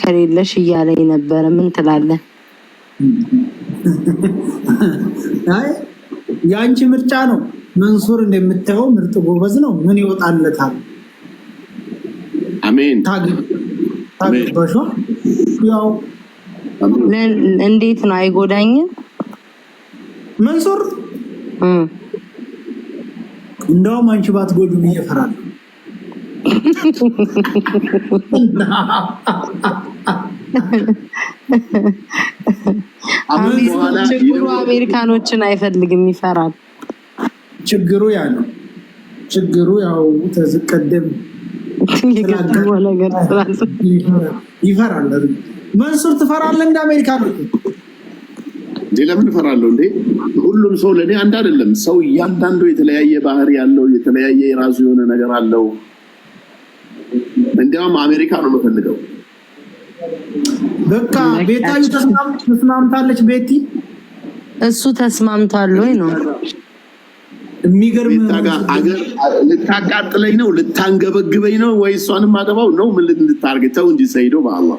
ከሌለሽ እያለኝ ነበረ። ምን ትላለህ? አይ የአንቺ ምርጫ ነው። መንሱር እንደምታየው ምርጥ ጎበዝ ነው። ምን ይወጣለታል? አሜን። ታግባሽ ያው እንዴት ነው? አይጎዳኝም። መንሱር እንደውም አንቺ ባትጎዱ ብዬ ችግሩ አሜሪካኖችን አይፈልግም፣ ይፈራል። ችግሩ ያ ነው። ችግሩ ያው ተዝቀደም ይፈራል። መንሱር ትፈራለህ? እንደ አሜሪካ እንዴ ለምን እፈራለሁ እንዴ? ሁሉም ሰው ለእኔ አንድ አይደለም። ሰው እያንዳንዱ የተለያየ ባህሪ ያለው የተለያየ የራሱ የሆነ ነገር አለው። እንዲያውም አሜሪካ ነው የምፈልገው። በቃ ቤታዩ ተስማምታለች። ቤቲ እሱ ተስማምቷል ወይ ነው የሚገርም። ልታቃጥለኝ ነው ልታንገበግበኝ ነው ወይ እሷን ማገባው ነው ምን ልታርገኝ? ተው እንጂ ሰይዶ በአላ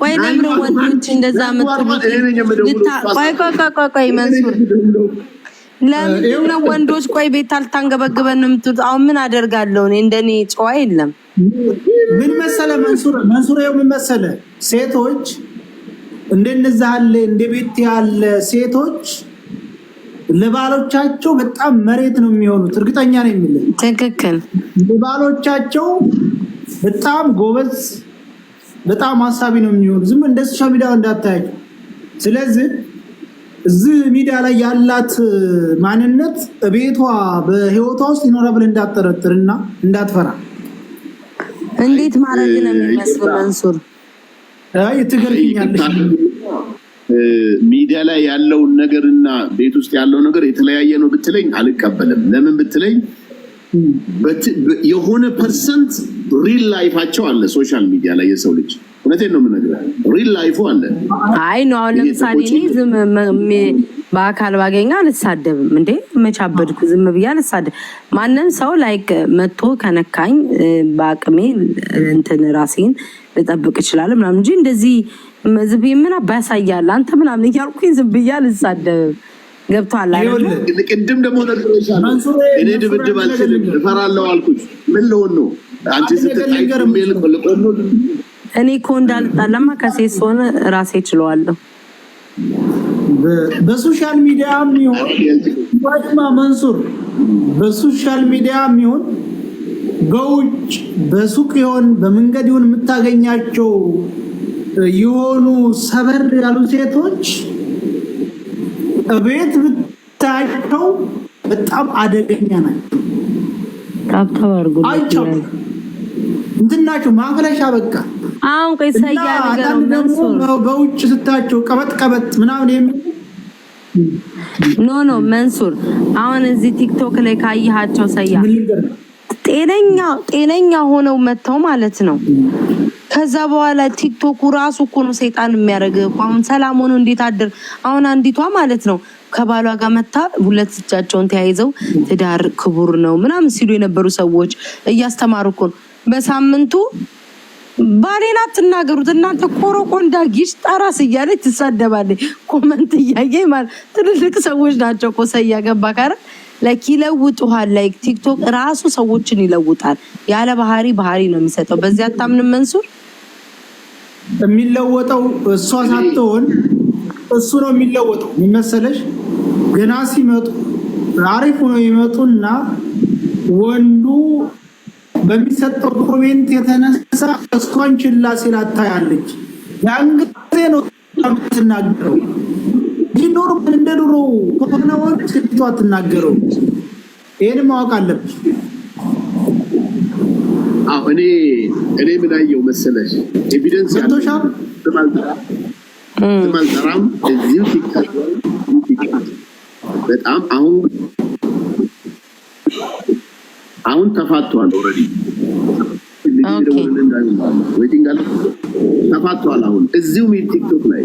ቆይ ለምረ ወንዶች እንደዛ ምትቆይ ቆይ ቆይ ቆይ መንሱር ለምንድነው ወንዶች ቆይ ቤት አልታንገበግበን ነው የምትሉት? አሁን ምን አደርጋለሁ እኔ እንደኔ ጨዋ የለም። ምን መሰለ መንሱር መንሱር ምን መሰለ ሴቶች እንደነዛ ያለ እንደ ቤት ያለ ሴቶች ለባሎቻቸው በጣም መሬት ነው የሚሆኑት። እርግጠኛ ነው የሚል ትክክል። ለባሎቻቸው በጣም ጎበዝ፣ በጣም ሀሳቢ ነው የሚሆኑ ዝም እንደ ሶሻል ሚዲያ እንዳታያቸው። ስለዚህ እዚህ ሚዲያ ላይ ያላት ማንነት ቤቷ በህይወቷ ውስጥ ይኖራ ብለህ እንዳትጠረጥር እንዳትፈራ። እንዴት ማድረግ ነው የሚመስለው? መንሱር ትገርኛለሽ። ሚዲያ ላይ ያለውን ነገርና ቤት ውስጥ ያለው ነገር የተለያየ ነው ብትለኝ አልቀበልም። ለምን ብትለኝ የሆነ ፐርሰንት ሪል ላይፋቸው አለ ሶሻል ሚዲያ ላይ የሰው ልጅ እውነቴን ነው የምነግርህ። ሪል ላይፉ አለ። አይ ነው አሁን ለምሳሌ ዝም በአካል ባገኘ አልሳደብም እንዴ መቻበድኩ ዝም ብዬ አልሳደብ። ማንም ሰው ላይክ መጥቶ ከነካኝ በአቅሜ እንትን ራሴን ልጠብቅ እችላለሁ ምናምን እንጂ እንደዚህ ዝብ ብዬ ምን ባያሳያል አንተ ምናምን እያልኩኝ ዝም ብዬ አልሳደብም። ገብቷል። ቅድም ደግሞ እኔ ድብድብ አልችልም እፈራለሁ አልኩት ምን ልሆን ነው አንቺ ስትጣይ ልቆ እኔ እኮ እንዳልጣላማ ከሴት ሆነ ራሴ ችለዋለሁ። በሶሻል ሚዲያ ሚሆን ፋቲማ መንሱር በሶሻል ሚዲያ ሚሆን በውጭ በሱቅ ይሆን በመንገድ ይሆን የምታገኛቸው የሆኑ ሰበር ያሉ ሴቶች እቤት ብታያቸው በጣም አደገኛ ናቸው። ታብታብ አድርጎ አይቻው እንትናቸው ማፍለሻ በቃ አሁን ከኢሳያ ነገር ነው። በውጭ ስታቸው ቀበጥ ቀበጥ ምናምን የሚ ኖ ኖ መንሱር፣ አሁን እዚህ ቲክቶክ ላይ ካየሃቸው ሰያ ጤነኛ ጤነኛ ሆነው መጥተው ማለት ነው። ከዛ በኋላ ቲክቶኩ ራሱ እኮ ነው ሰይጣን የሚያደርግ አሁን ሰላም ሆኖ እንዴት አድር። አሁን አንዲቷ ማለት ነው ከባሏ ጋር መታ ሁለት እጃቸውን ተያይዘው ትዳር ክቡር ነው ምናምን ሲሉ የነበሩ ሰዎች እያስተማሩ እኮ ነው በሳምንቱ ባሌን አትናገሩት እናንተ። ቆሮቆንዳ ጊሽ ጠራስ እያለች ትሳደባለች። ኮመንት እያየ ማለት ትልልቅ ሰዎች ናቸው። ቆሰ እያገባ ካረ ላይክ ይለውጡሃል። ላይክ ቲክቶክ ራሱ ሰዎችን ይለውጣል። ያለ ባህሪ ባህሪ ነው የሚሰጠው። በዚህ አታምንም መንሱር? የሚለወጠው እሷ ሳትሆን እሱ ነው የሚለወጠው። የሚመሰለሽ ገና ሲመጡ አሪፍ ሆነው ይመጡና ወንዱ በሚሰጠው ኮሜንት የተነሳ እስኳን ችላ ሲላት ታያለች። ያን ጊዜ ነው የምትናገረው እንጂ ኖርማል እንደ ድሮ ከሆነ ወር ስልቷ ትናገረው። ይህን ማወቅ አለብሽ። አዎ እኔ እኔ ምን አየው መሰለሽ ኤቪደንስ ያቶሻል ስማልጠራም እዚሁ ሲካ በጣም አሁን አሁን ተፋቷል። ኦልሬዲ ተፋቷል። አሁን እዚሁ ቲክቶክ ላይ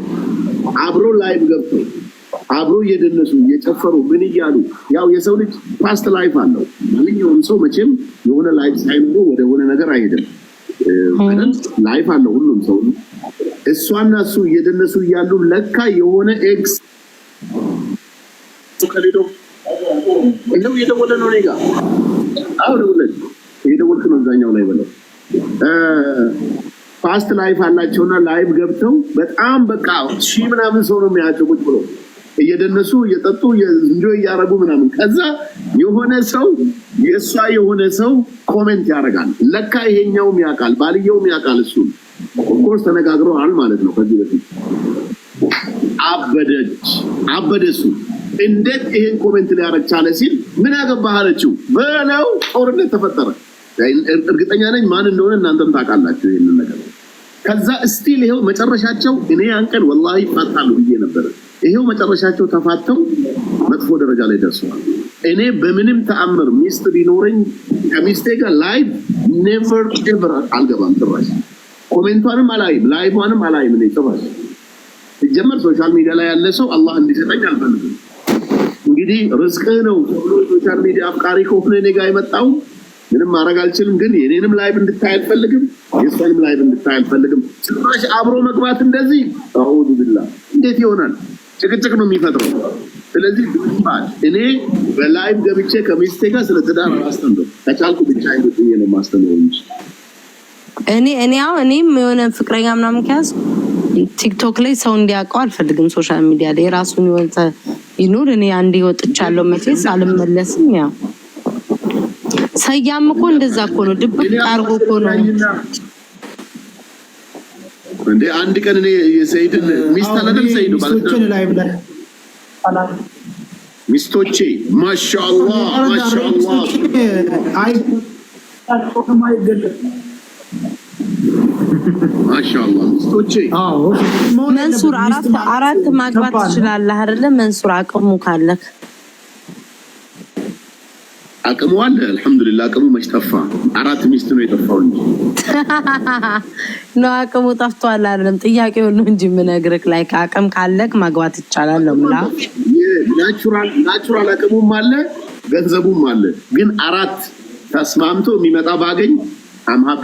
አብሮ ላይቭ ገብቶ አብሮ እየደነሱ እየጨፈሩ ምን እያሉ ያው የሰው ልጅ ፓስት ላይፍ አለው። ማንኛውም ሰው መቼም የሆነ ላይፍ ሳይኖሩ ሆነ ነገር አይሄድም። ላይፍ አለው ሁሉም ሰው። እሷና እሱ እየደነሱ እያሉ ለካ የሆነ ኤክስ ከሌለው ይኸው እየደወለ ነው እኔ ጋ አሁን እውነት የደወልክ ነው እዛኛው ላይ ብለው ፋስት ላይፍ አላቸውና ላይቭ ገብተው በጣም በቃ ሺህ ምናምን ሰው ነው የሚያቸው ቁጭ ብሎ እየደነሱ እየጠጡ እንጆ እያረጉ ምናምን። ከዛ የሆነ ሰው የእሷ የሆነ ሰው ኮሜንት ያደርጋል። ለካ ይሄኛውም ያውቃል፣ ባልየውም ያውቃል። እሱ ኦፍኮርስ ተነጋግረዋል ማለት ነው። ከዚህ በፊት አበደች አበደሱ እንዴት ይሄን ኮሜንት ሊያረግ ቻለ ሲል ምን ያገባህ አለችው በለው። ጦርነት ተፈጠረ። እርግጠኛ ነኝ ማን እንደሆነ እናንተም ታውቃላችሁ ይህንን ነገር። ከዛ እስቲል ይሄው መጨረሻቸው እኔ ያን ቀን ይፋታሉ ብዬ ነበረ። ይሄው መጨረሻቸው ተፋተው መጥፎ ደረጃ ላይ ደርሰዋል። እኔ በምንም ተአምር ሚስት ቢኖረኝ ከሚስቴ ጋር ላይቭ ኔቨር ኤቨር አልገባም። ጭራሽ ኮሜንቷንም አላይም፣ ላይቧንም አላይም። እኔ ጭራሽ ሲጀመር ሶሻል ሚዲያ ላይ ያለ ሰው አላህ እንዲሰጠኝ አልፈልግም። እንግዲህ ርዝቅህ ነው ተብሎ ሶሻል ሚዲያ አፍቃሪ ከሆነ እኔ ጋር የመጣው ምንም ማድረግ አልችልም። ግን የኔንም ላይቭ እንድታይ አልፈልግም፣ የእሷንም ላይቭ እንድታይ አልፈልግም። ጭራሽ አብሮ መግባት እንደዚህ አዑዙ ብላ እንዴት ይሆናል? ጭቅጭቅ ነው የሚፈጥረው። ስለዚህ ባል እኔ በላይቭ ገብቼ ከሚስቴ ጋር ስለ ትዳር አስተምረ ከቻልኩ ብቻ ነው ማስተምረ እንጂ እኔ እኔ አሁን እኔም የሆነ ፍቅረኛ ምናምን ከያዝኩ ቲክቶክ ላይ ሰው እንዲያውቀው አልፈልግም። ሶሻል ሚዲያ ላይ የራሱን ይወልጠ ይኑር። እኔ አንድ ወጥቻለሁ፣ መቼስ አልመለስም። ያው ሰያም እኮ እንደዛ እኮ ነው፣ ድብቅ አርጎ እኮ ነው እንዴ። አንድ ቀን እኔ የሰይድን ሚስት አላለም፣ ሰይዱ ባለ ሚስቶቼ ማሻአላ ማሻአላ አይ መንሱር አራት አራት ማግባት ትችላለህ አይደለ? መንሱር አቅሙ ካለክ አቅሙ አለ። አልሐምዱሊላህ አቅሙ መች ጠፋ? አራት ሚስት ነው የጠፋው እንጂ ነው አቅሙ ጠፍቷል አይደለም። ጥያቄው ነው እንጂ የምነግርህ ላይ አቅም ካለክ ማግባት ይቻላል ነው ምላ ናቹራል አቅሙም አለ ገንዘቡም አለ። ግን አራት ተስማምቶ የሚመጣ ባገኝ አም ሀፒ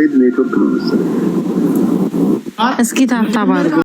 السيد ميكروب كنوز اسكي تحت بعض